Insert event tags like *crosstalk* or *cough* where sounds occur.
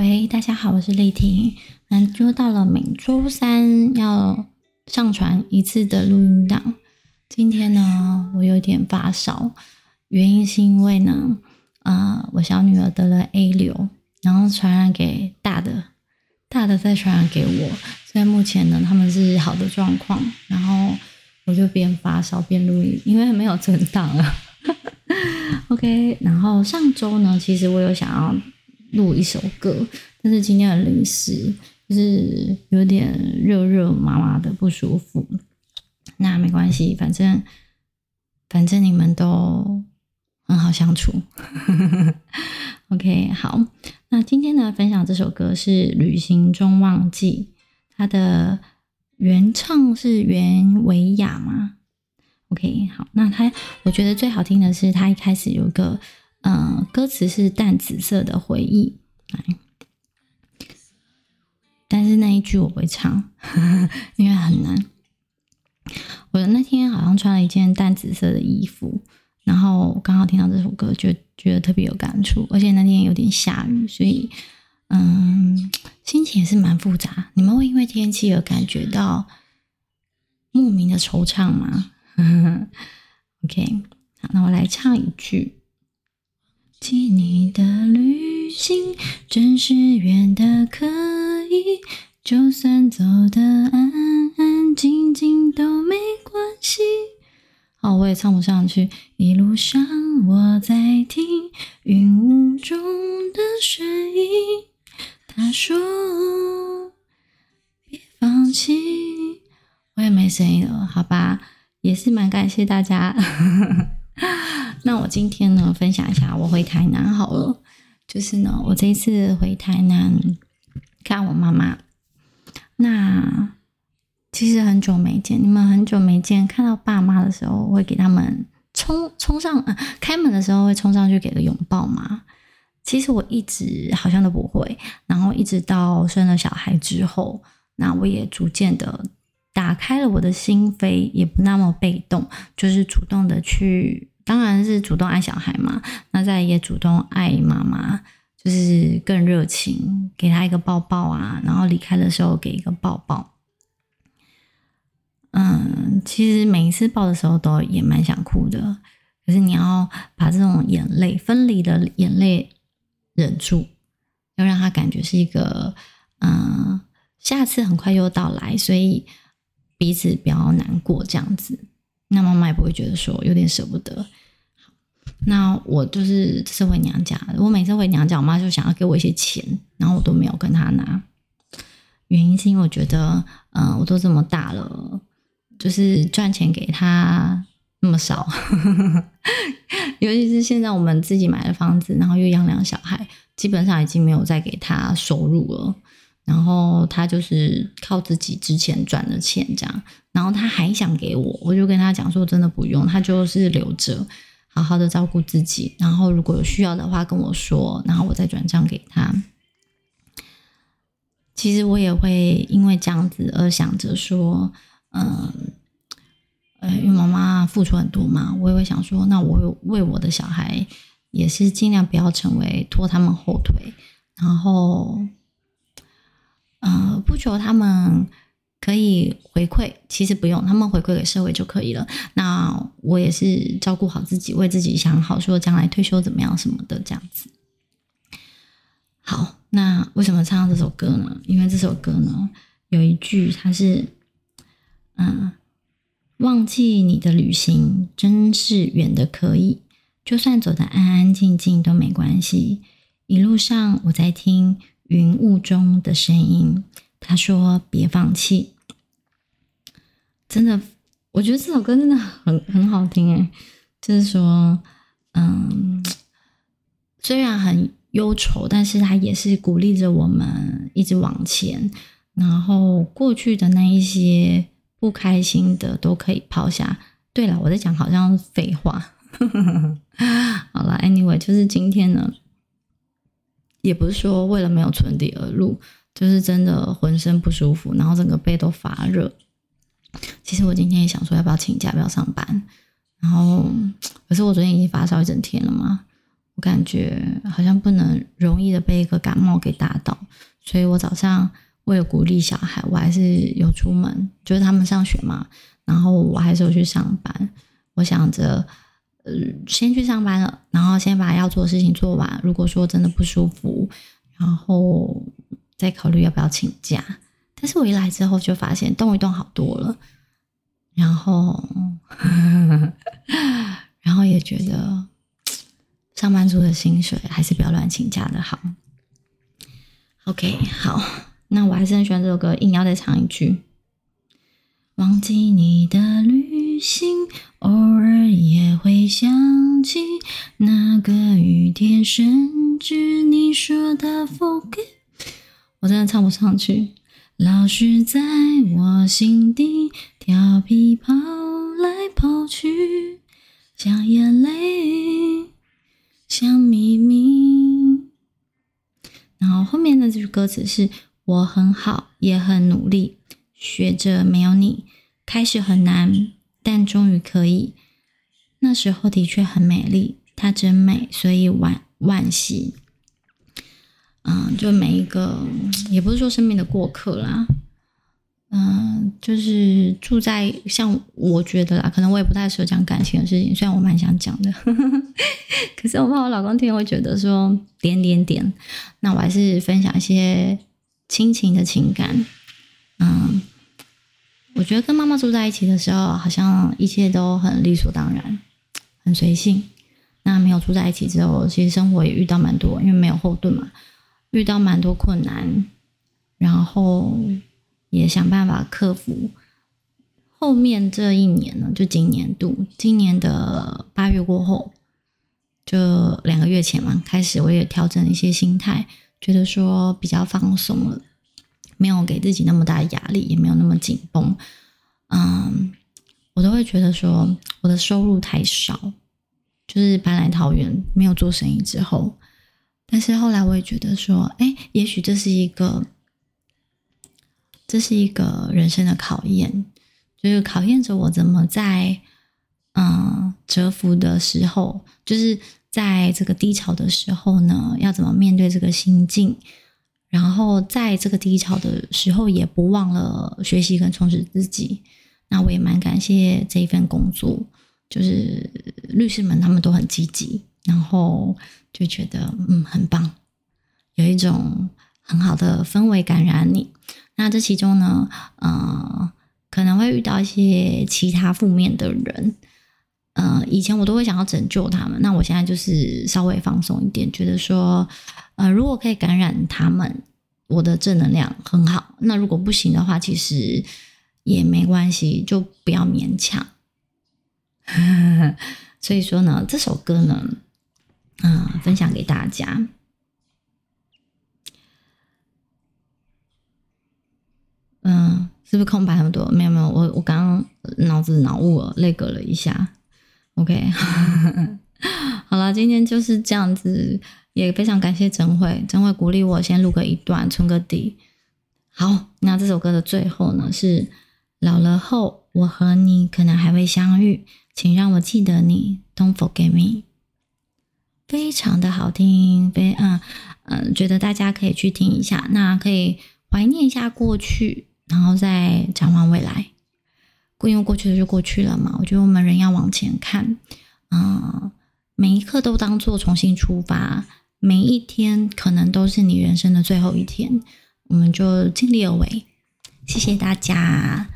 喂，大家好，我是麗婷。嗯，又到了每週三要上傳一次的錄音檔。今天呢，我有點發燒，原因是因為呢，啊、呃，我小女兒得了 A 流，然後傳染給大的，大的再傳染給我。所以目前呢，他們是好的狀況，然後我就邊發燒邊錄音，因為沒有存檔了。 *laughs* OK，然後上週呢，其實我有想要。錄一首歌，但是今天的零食，就是有點熱熱麻麻的不舒服，那沒關係，反正反正你們都很好相處。 *laughs* OK，好，那今天呢，分享的這首歌是《旅行中忘記》，它的原唱是袁維亞嗎？OK，好，那他我覺得最好聽的是他一開始有一個。嗯，歌詞是淡紫色的回憶，來，但是那一句我不會唱呵呵，因為很難。我那天好像穿了一件淡紫色的衣服，然後我剛好聽到這首歌，就覺,覺得特別有感觸。而且那天有點下雨，所以嗯，心情也是蠻複雜。你們會因為天氣而感覺到莫名的惆悵嗎呵呵？OK，好，那我來唱一句。你的旅行真是遠的可以，就算走的安安靜靜都沒關係。好，我也唱不上去。一路上我在聽雲霧中的聲音，它說別放棄。我也沒聲音了，好吧，也是蠻感謝大家。 *laughs* 那我今天呢，分享一下我回台南好了。就是呢，我這一次回台南看我媽媽。那其實很久沒見，你們很久沒見，看到爸媽的時候，會給他們衝衝上、啊，開門的時候會衝上去給個擁抱嗎？其實我一直好像都不會，然後一直到生了小孩之後，那我也逐漸的打開了我的心扉，也不那麼被動，就是主動的去。當然是主動愛小孩嘛，那再也主動愛媽媽，就是更熱情，給他一個抱抱啊，然後離開的時候給一個抱抱。嗯，其實每一次抱的時候都也蠻想哭的，可、就是你要把這種眼淚分離的眼淚忍住，要讓他感覺是一個嗯，下次很快又到來，所以彼此不要難過這樣子。那媽媽也不會覺得說有點捨不得。那我就是這次回娘家，我每次回娘家，我媽就想要給我一些錢，然後我都沒有跟她拿。原因是因為我覺得，嗯、呃，我都這麼大了，就是賺錢給她那麼少。 *laughs* 尤其是現在我們自己買了房子，然後又養兩小孩，基本上已經沒有再給她收入了。然後他，就是靠自己之前賺的錢這樣，然後他還想給我，我就跟他講說真的不用，他就是留着，好好的照顧自己。然後如果有需要的話，跟我說，然後我再轉賬給他。其實我也會因為這樣子而想着說，嗯，呃，因為媽媽付出很多嘛，我也會想說，那我為我的小孩也是尽量不要成為拖他們後腿，然後。呃，不求他們可以回饋，其實不用，他們回饋給社會就可以了。那我也是照顧好自己，為自己想好說將來退休怎麼樣什麼的，這樣子。好，那為什麼唱這首歌呢？因為這首歌呢，有一句它是，嗯、呃，忘記你的旅行真是遠的可以，就算走的安安靜靜都沒關係。一路上我在聽。雲霧中的聲音，他說：“別放棄。”真的，我覺得這首歌真的很很好聽誒，就是說，嗯，雖然很憂愁，但是他也是鼓勵着我們一直往前。然後過去的那一些不開心的都可以拋下。對了，我在講好像廢話。 *laughs* 好了，Anyway，就是今天呢。也不是說為了沒有存底而錄，就是真的渾身不舒服，然後整個背都發熱。其實我今天也想說要不要請假，不要上班，然後可是我昨天已經發燒一整天了嘛，我感覺好像不能容易的被一個感冒給打倒，所以我早上為了鼓勵小孩，我還是有出門，就是他們上學嘛，然後我還是有去上班。我想着。先去上班了，然後先把要做的事情做完。如果說真的不舒服，然後再考慮要不要請假。但是我一來之後就發現動一動好多了，然後， *laughs* 然後也覺得，上班族的薪水還是不要亂請假的好。OK，好，那我還是很喜歡這首歌，硬要再唱一句，忘記你的旅。心偶爾也會想起那個雨天神，甚至你說的 forget，我真的唱不上去。老是在我心底調皮跑來跑去，像眼淚，像秘密。然後後面的這句歌詞是：我很好，也很努力，學着沒有你，開始很難。但終於可以，那時候的確很美麗，她真美，所以惋惋惜。嗯，就每一個，也不是說生命的過客啦，嗯，就是住在像我覺得啦，可能我也不太適合講感情的事情，雖然我蠻想講的，呵呵，可是我怕我老公聽會覺得說點點點，那我還是分享一些親情的情感，嗯。我覺得跟媽媽住在一起的時候，好像一切都很理所當然，很隨性。那沒有住在一起之後，其實生活也遇到蠻多，因為沒有後盾嘛，遇到蠻多困難，然後也想辦法克服。後面這一年呢，就今年度，今年的八月過後，就兩個月前嘛，開始我也調整一些心態，覺得說比較放鬆了。沒有給自己那麼大的壓力，也沒有那麼緊繃。嗯，我都會覺得說我的收入太少，就是搬來桃園沒有做生意之後。但是後來我也覺得說，哎，也許這是一個，這是一個人生的考驗，就是考驗着我怎麼在嗯蟄伏的時候，就是在這個低潮的時候呢，要怎麼面對這個心境。然後在這個低潮的時候，也不忘了學習跟充實自己。那我也蠻感謝這一份工作，就是律師們他們都很積極，然後就覺得嗯很棒，有一種很好的氛圍感染你。那這其中呢，呃，可能會遇到一些其他負面的人。嗯、呃，以前我都會想要拯救他們，那我現在就是稍微放鬆一點，覺得說，呃，如果可以感染他們，我的正能量很好。那如果不行的話，其實也沒關係，就不要勉強。 *laughs* 所以說呢，這首歌呢，嗯、呃，分享給大家。嗯、呃，是不是空白很多？沒有沒有，我我剛剛腦子腦霧了，那個了一下。OK， *laughs* 好了，今天就是這樣子，也非常感謝真慧，真慧鼓勵我先錄個一段，存個底。好，那這首歌的最後呢，是老了後，我和你可能還會相遇，請讓我記得你，Don't forget me，非常的好聽，非嗯嗯，覺得大家可以去聽一下，那可以懷念一下過去，然後再展望未來。因為過去的就過去了嘛，我覺得我們人要往前看，啊、嗯，每一刻都當做重新出發，每一天可能都是你人生的最後一天，我們就盡力而為。謝謝大家。